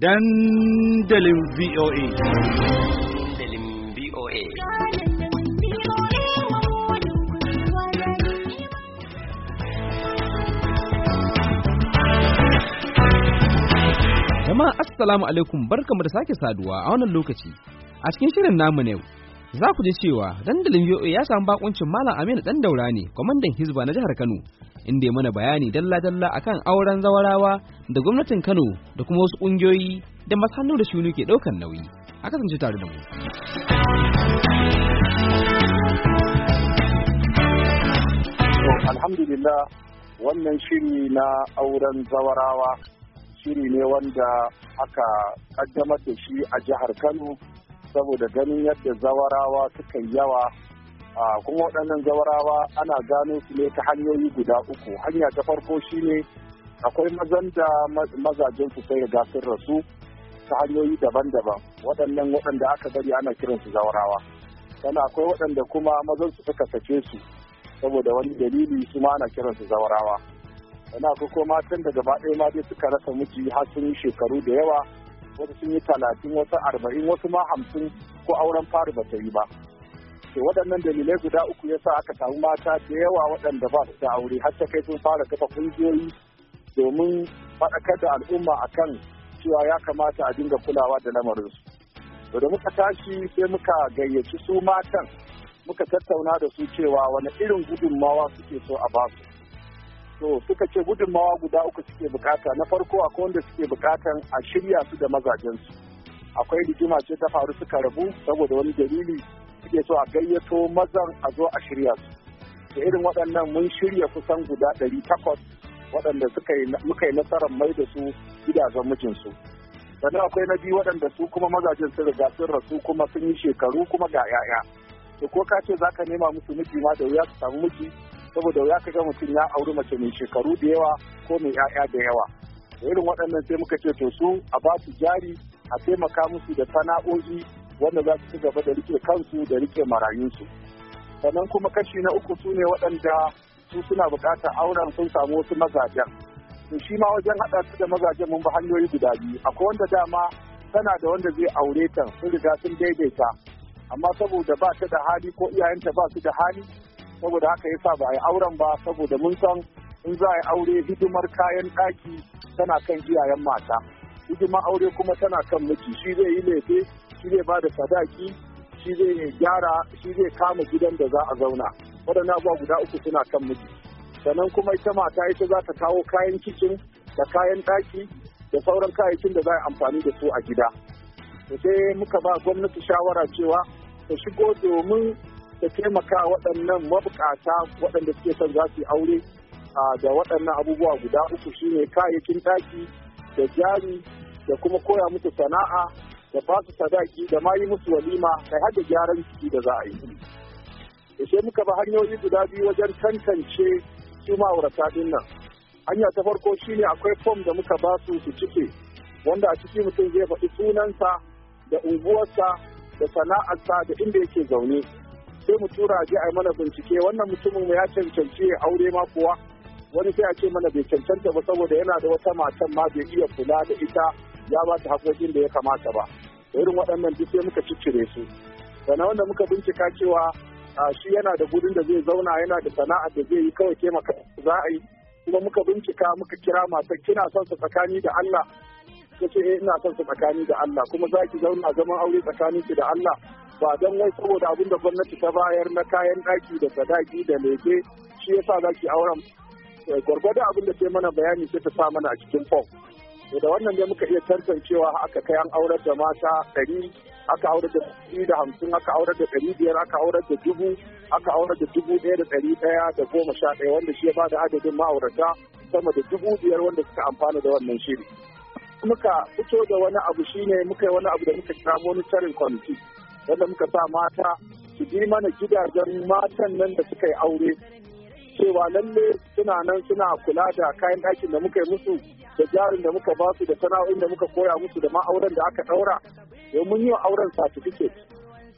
dandalin VOA. Dandalin VOA. Jama'a Assalamu alaikum barkamu da sake saduwa a wannan lokaci. A cikin shirin namu ne za ku ji cewa dandalin VOA ya samu bakuncin Malam Aminu dan daura ne, kwamandan Hizba na jihar Kano, inda ya mana bayani dalla-dalla akan auren zawarawa da gwamnatin Kano da kuma wasu ƙungiyoyi da masu hannu da shuni ke ɗaukar nauyi. Aka kasance tare da mu. Alhamdulillah wannan shiri na auren zawarawa shiri ne wanda aka kaddamar da shi a jihar Kano saboda ganin yadda zawarawa suka yawa a kuma waɗannan zawarawa ana gano su ne ta hanyoyi guda uku hanya ta farko shine akwai mazan da mazajen su sai ga sun rasu ta hanyoyi daban-daban waɗannan waɗanda aka gari ana kiransu zawarawa sannan akwai waɗanda kuma mazan su suka sace su saboda wani dalili su ma ana kiransu zawarawa sannan akwai kuma matan da gaba ɗaya ma dai suka rasa miji har sun yi shekaru da yawa wasu sun yi talatin wasu arba'in wasu ma hamsin ko auren fari ba ta yi ba to waɗannan dalilai guda uku ya sa aka samu mata da yawa waɗanda ba su da aure har ta kai sun fara kafa kungiyoyi domin faɗakar da al'umma akan cewa ya kamata a dinga kulawa da lamarinsu to da muka tashi sai muka gayyaci su matan muka tattauna da su cewa wani irin gudunmawa suke so a basu to suka ce gudunmawa guda uku suke bukata na farko akwai wanda suke bukatan a shirya su da mazajensu akwai rigima ce ta faru suka rabu saboda wani dalili suke so a gayyato mazan a zo a shirya su da irin waɗannan mun shirya kusan guda ɗari takwas waɗanda muka yi nasarar mai da su gidajen mijinsu sannan akwai na biyu waɗanda su kuma mazajen sun riga sun rasu kuma sun yi shekaru kuma ga 'ya'ya to ko ka ce za ka nema musu miji da wuya su samu miji saboda ya kaga mutum ya auri mace mai shekaru da yawa ko mai 'ya'ya da yawa irin waɗannan sai muka ce to su a ba su jari a taimaka musu da sana'o'i wanda za su ci gaba da rike kansu da rike marayunsu sannan kuma kashi na uku su ne waɗanda su suna buƙatar auren sun samu wasu mazajen to shi ma wajen haɗa su da mazajen mun bi hanyoyi guda biyu akwai wanda dama tana da wanda zai aure ta sun riga sun daidaita amma saboda ba ta da hali ko iyayenta ba su da hali saboda haka yasa ba a yi auren ba saboda mun san in za a yi aure hidimar kayan ɗaki tana kan iyayen mata hidimar aure kuma tana kan miji shi zai yi lefe shi zai ba da sadaki shi zai gyara shi zai kama gidan da za a zauna waɗannan abubuwa guda uku suna kan miji sannan kuma ita mata ita za ta kawo kayan kicin da kayan ɗaki da sauran kayayyakin da za a amfani da su a gida sai muka ba gwamnati shawara cewa ta shigo domin ta taimaka waɗannan mabukata waɗanda suke son za su aure da waɗannan abubuwa guda uku shine kayayyakin ɗaki da jari da kuma koya musu sana'a da ba su sadaki da ma yi musu walima kai hada gyaran ciki da za a yi. Da sai muka ba hanyoyi guda biyu wajen tantance su ma'aurata din nan. Hanya ta farko shine akwai fom da muka ba su su cike wanda a ciki mutum zai faɗi sunansa da unguwarsa da sana'arsa da inda yake zaune. sai mu tura a je a yi mana bincike wannan mutumin ya cancanci aure ma kuwa wani sai a ce mana bai cancanta ba saboda yana da wata matan ma bai iya kula da ita ya ba ta haƙoƙin da ya kamata ba irin waɗannan duk sai muka ciccire su sannan wanda muka bincika cewa shi yana da gudun da zai zauna yana da sana'a da zai yi kawai taimaka za a yi kuma muka bincika muka kira matar kina son su tsakani da Allah ta ce eh, ina son su tsakani da Allah kuma za ki zauna zaman aure tsakanin ki da Allah ba don wai saboda abin da gwamnati ta bayar na kayan ɗaki da sadaki da leke shi yasa za ki auren eh, gwargwadon abin da ke mana bayani sai ta sa mana a cikin fom da wannan ne muka iya tantancewa aka kai an aurar da mata ɗari aka aurar da ɗari da hamsin aka aurar da ɗari biyar aka aurar da dubu aka aurar da dubu ɗaya da ɗari ɗaya da goma sha ɗaya wanda shi ya bada adadin ma'aurata sama da dubu biyar wanda suka amfana da wannan shiri muka fito da wani abu shine muka yi wani abu da muka kira monitoring committee wanda muka sa mata su bi mana gidajen matan nan da suka yi aure cewa lalle suna nan suna kula da kayan ɗakin da muka yi musu da jarin da muka basu da sana'o'in da muka koya musu da ma'auren da aka ɗaura Yau domin wa auren certificate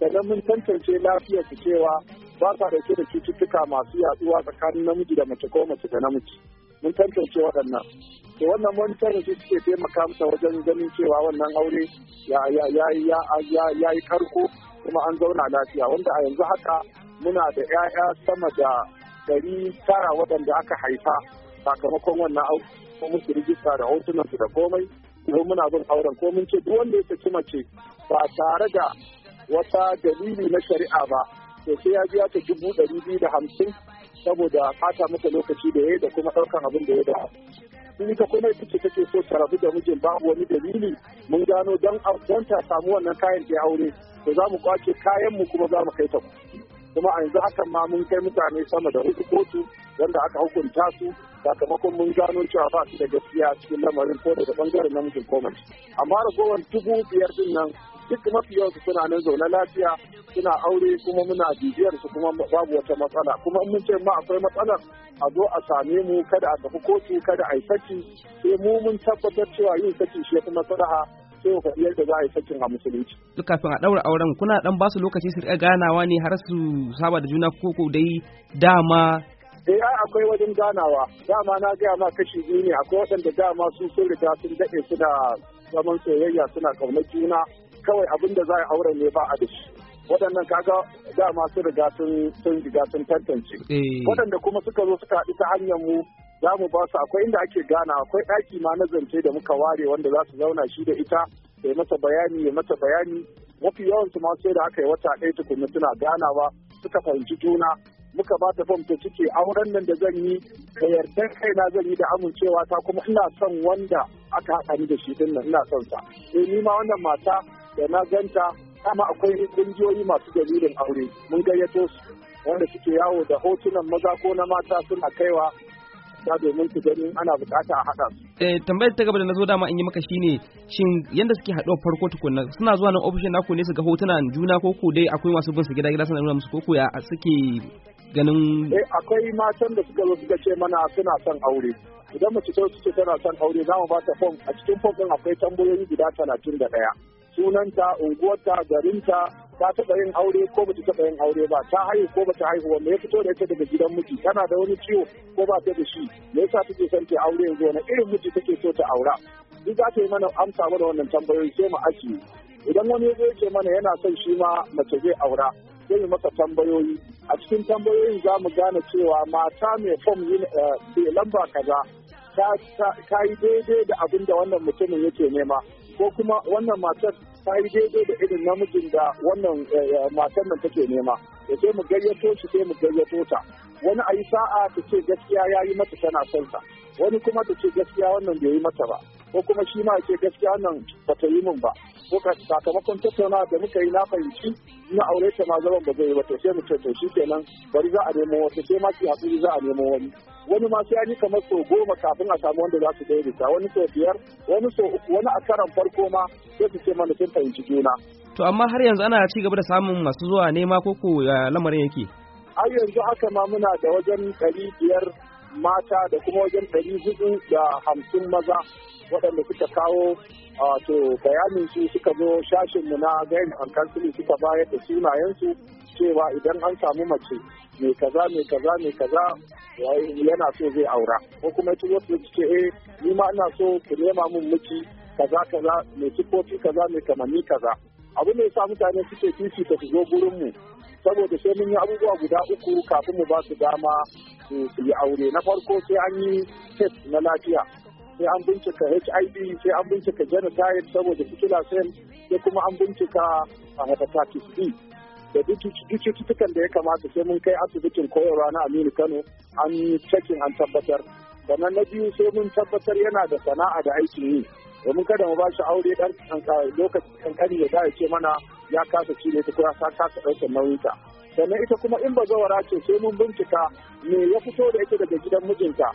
daga mun tantance lafiyar su cewa ba sa dauke da cututtuka masu yaduwa tsakanin namiji da mace ko mace da namiji mun tantance waɗannan to wannan monitor su suke taimaka masa wajen ganin cewa wannan aure ya yi karko kuma an zauna lafiya wanda a yanzu haka muna da 'ya'ya sama da ɗari tara waɗanda aka haifa sakamakon wannan aure ko musu rijista da hotunansu da komai ko muna bin auren ko mun ce duk wanda ya saki mace ba tare da wata dalili na shari'a ba to sai ya biya ta dubu ɗari biyu da hamsin saboda fata mata lokaci da ya da kuma ɗaukan abin da ya da in ita kuma ita take so ta rabu da mijin babu wani dalili mun gano don don ta samu wannan kayan ta aure to za mu kwace kayan mu kuma za mu kai ta kuma a yanzu hakan ma mun kai mutane sama da hudu kotu wanda aka hukunta su sakamakon mun gano cewa ba su da gaskiya cikin lamarin ko daga bangaren namijin komai amma ragowar dubu biyar din nan duk mafi yawansu suna nan zaune lafiya suna aure kuma muna bibiyar su kuma babu wata matsala kuma mun ce ma akwai matsalar a zo a same mu kada a tafi kotu kada a yi saki sai mu mun tabbatar cewa yin saki shi yafi maslaha sai ka yadda za a yi sakin a musulunci. Duk kafin a ɗaura auren kuna ɗan basu lokaci su riƙa ganawa ne har su saba da juna koko dai dama eh ai akwai wajen ganawa dama na gaya ma kashi biyu ne akwai waɗanda dama su sun riga sun daɗe suna zaman soyayya suna ƙaunar juna kawai abin da za a aure ne ba a da shi waɗannan kaga dama sun riga sun riga sun tantance eh. waɗanda kuma suka zo suka haɗu ta hanyar mu za mu ba su akwai inda ake gana akwai ɗaki ma na zance da muka ware wanda za su zauna shi da ita ya masa bayani ya masa bayani mafi yawansu ma sai da aka yi wata ɗaya tukunna suna ganawa suka fahimci juna muka ba ta fam cike auren nan da zan yi da yardar kaina zan yi da amincewa ta kuma ina son wanda aka haɗa ni da shi dinnan ina son sa eh, ni ma wannan mata da na ganta kama akwai kungiyoyi masu dalilin aure mun gayyato su wanda suke yawo da hotunan maza ko na mata suna kaiwa da domin su gani ana bukata a haɗa su. Eh tambayar ta gaba da na zo dama in yi maka shine shin yanda suke haɗuwa farko tukunna suna zuwa nan ofishin naku ne su ga hotunan juna ko ko dai akwai masu bin su gida gida suna nuna musu ko ko ya suke ganin. Eh akwai matan da suka zo suka ce mana suna son aure. Idan mace ta suke tana son aure za mu ba ta fom a cikin fom ɗin akwai tambayoyi guda talatin da ɗaya. sunanta unguwarta garinta ta taɓa yin aure ko ba ta taɓa yin aure ba ta haihu ko ba ta haihu wanda ya fito da ita daga gidan miji tana da wani ciwo ko ba ta da shi me yasa take son ta aure yanzu wani irin miji take so ta aura duk za ta yi mana amsa mana wannan tambayoyi sai mu aji. idan wani ya ce mana yana son shi ma mace zai aura sai mu masa tambayoyi a cikin tambayoyin za mu gane cewa mata mai fom yin eh, lamba kaza ta yi daidai da abin da wannan mutumin yake nema ko kuma wannan matar ta yi daidai da irin namijin da wannan eh, eh, matar nan take nema da sai mu gayyato shi sai mu gayyato ta wani a yi sa'a ta ce gaskiya ya yi mata tana son sa wani kuma ta ce gaskiya wannan bai yi mata ba ko kuma shi ma ce gaskiya nan ba ta yi min ba ko sakamakon tattauna da muka yi na fahimci na aure ta ma zaman ba zai yi ba to sai mu ce to shi kenan bari za a nemo wata sai ma ki hakuri za a nemo wani wani ma sai kamar sau goma kafin a samu wanda za su daidaita wani sau biyar wani sau uku wani a karan farko ma sai su ce mana sun fahimci juna. To amma har yanzu ana ci gaba da samun masu zuwa nema ko ko lamarin yake? Har yanzu haka ma muna da wajen ɗari biyar mata da kuma wajen ɗari hudu da hamsin maza waɗanda suka kawo to bayanin su suka zo shashinmu na gain and suka bayar da sunayensu cewa idan an samu mace mai kaza mai kaza mai kaza yana so zai aura ko kuma ita wata ce eh ni ma ina so ku nema mun miki kaza kaza mai sifofi kaza mai kamanni kaza abu ne sa mutane suke fifita su zo gurin mu saboda sai mun yi abubuwa guda uku kafin mu ba su dama su yi aure na farko sai an yi test na lafiya sai an bincika HIV sai an bincika genotype saboda fitila sai kuma an bincika hepatitis B da duk cututtukan da ya kamata sai mun kai asibitin koyarwa na aminu kano an cakin an tabbatar sannan na biyu sai mun tabbatar yana da sana'a da aikin yi domin kada mu ba shi aure dan lokacin kankani ya ya ce mana ya kasa cire ta ko ya kasa ɗaukar nauyinta sannan ita kuma in ba zawara ce sai mun bincika me ya fito da ita daga gidan mijinta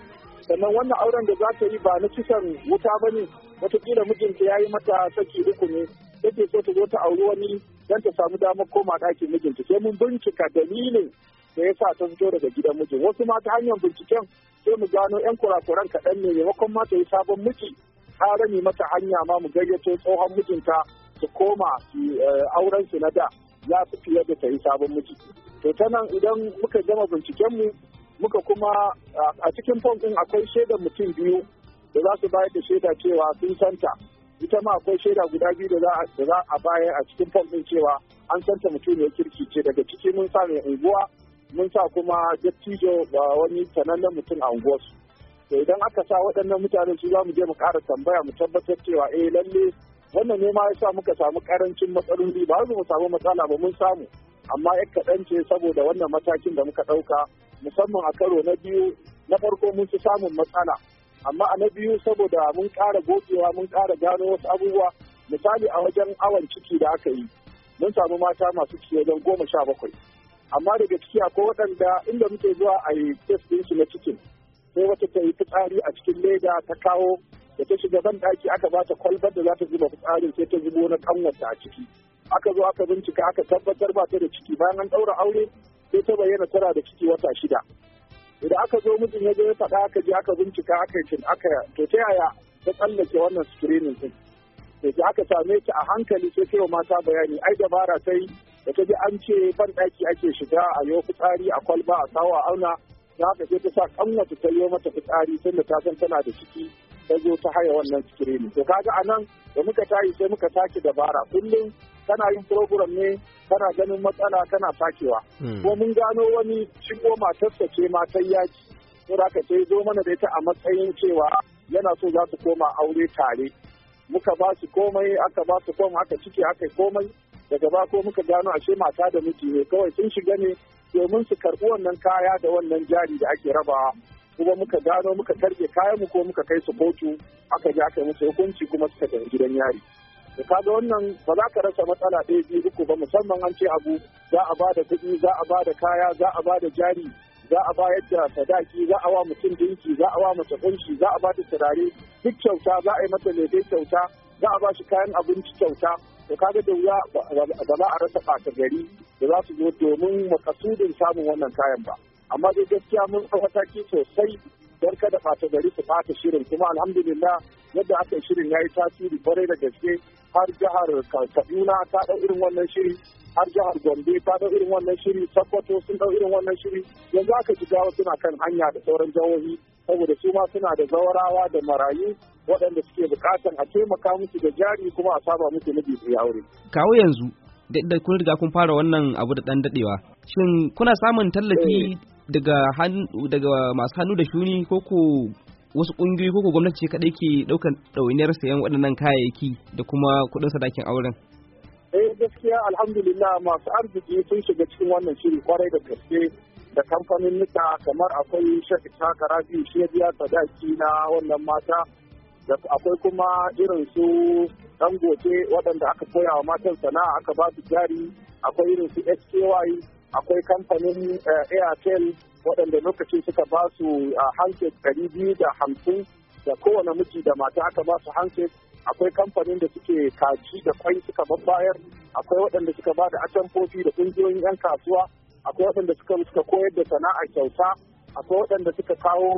sannan wannan auren da za ta yi ba na kisan wuta ba ne Wataƙila mijinta ya yi mata saki uku ne take so ta zo ta auri wani don ta samu damar koma ɗakin mijinta sai mun bincika dalilin da ya sa ta fito daga gidan mijin wasu ma ta hanyar binciken sai mu gano yan kurakuran kaɗan ne maimakon ma ta yi sabon miji ta rami mata hanya ma mu gayyato tsohon mijinta su koma eh, auren su na da ya fi fiye da ta yi sabon miji to ta nan idan muka gama binciken mu muka kuma a cikin fom ɗin akwai shaidar mutum biyu da za su bayar da shaida cewa sun santa ita ma akwai shaida guda biyu da za a bayar a cikin fom cewa an san ta mutum ya kirki ce daga ciki mun sa mai unguwa mun sa kuma dattijo ba wani sanannen mutum a unguwarsu to idan aka sa waɗannan mutane su za mu je mu ƙara tambaya mu tabbatar cewa eh lalle wannan ne ma ya sa muka samu karancin matsaloli ba mu samu matsala ba mun samu amma ya kaɗan ce saboda wannan matakin da muka ɗauka musamman a karo na biyu na farko mun fi samun matsala amma a na biyu saboda mun ƙara gogewa mun ƙara gano wasu abubuwa misali a wajen awon ciki da aka yi mun samu mata masu ciki wajen goma sha bakwai amma daga ciki akwai waɗanda inda muke zuwa a yi test ɗinsu na cikin sai wata ta yi fitsari a cikin leda ta kawo da ta shiga ban ɗaki aka ta kwalbar da za ta zuba fitsarin sai ta zubo na kanwarta a ciki aka zo aka bincika aka tabbatar ba ta da ciki bayan an ɗaura aure sai ta bayyana tara da ciki wata shida idan aka zo mijin ya je ya faɗa aka je aka bincika aka yi aka to ta yaya ta tsallake wannan screening din to aka same ta a hankali sai kai wa mata bayani ai dabara sai da ta ji an ce ban ɗaki ake shiga a yau fitsari a kwalba a sawa a auna za ka je ta sa kanwata ta yi mata fitsari tunda ta san tana da ciki ta zo ta haya wannan sikirini to kaga a nan da muka tayi sai muka sake dabara kullum kana yin program ne kana ganin matsala kana sakewa hmm. ko mun gano wani shigo matarsa ce ma sai ta ko to ka sai zo mana da ita a matsayin cewa yana so za su koma aure tare muka ba su komai aka ba su komai aka ciki aka komai daga ba ko muka gano ashe mata da miji ne kawai sun shiga ne domin su karɓi wannan kaya da wannan jari da ake rabawa kuma muka gano muka targe kayan mu ko muka kai su kotu aka ji aka yi musu hukunci kuma suka tafi gidan yari da ga wannan ba za ka rasa matsala ɗaya biyu uku ba musamman an ce abu za a ba da kuɗi za a ba da kaya za a ba da jari za a bayar da sadaki za a wa mutum dinki za a wa mace kunshi za a ba ta turare duk kyauta za a yi mata lebe kyauta za a ba shi kayan abinci kyauta ka kaga da wuya ba za a rasa ɓata gari da za su zo domin makasudin samun wannan kayan ba amma dai gaskiya mun ɗau mataki sosai don kada ɓata gari su ɓata shirin kuma alhamdulillah yadda aka shirin ya yi tasiri kwarai da gaske har jihar kaduna ta ɗau irin wannan shiri har jihar gombe ta ɗau irin wannan shiri sokoto sun ɗau irin wannan shiri yanzu aka ji gawa suna kan hanya da sauran jihohi saboda su ma suna da zawarawa da marayu waɗanda suke buƙatar a taimaka musu da jari kuma a saba musu na bibi aure. kawo yanzu da kun riga kun fara wannan abu da ɗan daɗewa shin kuna samun tallafi eh. daga masu hannu da shuni ko ko wasu kungiyoyi ko gwamnati ce kadai ke daukan ɗawainiyar sayan waɗannan kayayyaki da kuma kuɗin sadakin auren eh gaskiya alhamdulillah masu arziki sun shiga cikin wannan shiri kwarai da gaske da kamfanin nika kamar akwai shafi takarabi shi biya sadaki na wannan mata da akwai kuma irin su dangote waɗanda aka koya wa matan sana'a aka ba su jari akwai irin su sky akwai kamfanin eh, airtel waɗanda lokacin suka ba su hanset ɗari biyu da hamsin da kowane miji da mata aka ba su hanset akwai kamfanin da suke kaji da kwai suka babbayar akwai waɗanda suka ba da atamfofi da ƙungiyoyin 'yan kasuwa akwai waɗanda suka suka koyar da sana'a kyauta akwai waɗanda suka kawo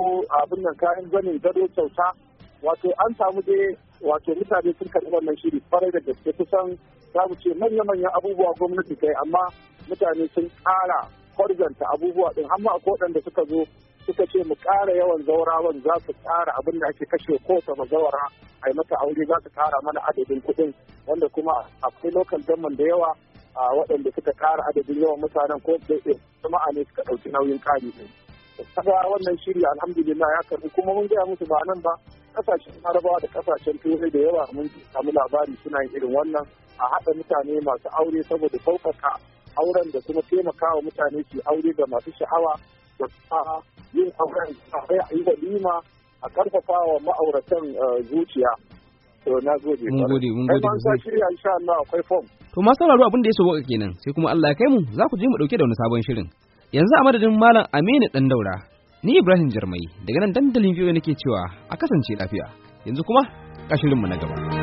abin nan kayan zanin gado kyauta wato an samu dai wato mutane sun karɓi wannan shiri farai da gaske kusan za mu ce manya-manyan abubuwa gwamnati kai amma mutane sun kara kwarzanta abubuwa ɗin amma akwai waɗanda suka zo suka ce mu kara yawan zaurawan za su ƙara abin da ake kashe kowace mazawara a yi mata aure za su ƙara mana adadin kuɗin wanda kuma akwai lokal gamman da yawa a waɗanda suka kara adadin yawan mutanen ko da jama'a ne suka ɗauki nauyin ƙari ne. Kaga wannan shiri alhamdulillah ya karɓi kuma mun gaya musu ba nan ba kasashen larabawa da kasashen turai da yawa mun samu labari suna yin irin wannan a haɗa mutane masu aure saboda sauƙaƙa auren da kuma taimakawa mutane su aure ga masu sha'awa da kuma yin auren a yi walima a karfafa wa ma'auratan eh, zuciya to na gode mun gode mun gode mun shirya insha Allah akwai form to ma sauraro abin da ya soboka kenan sai kuma Allah ya kai mu za ku je mu dauke da wani sabon shirin yanzu a madadin malam Aminu dan daura Ni Ibrahim Jarmai daga nan dandalin biyu nake cewa a kasance lafiya. Yanzu kuma kashirinmu na gaba.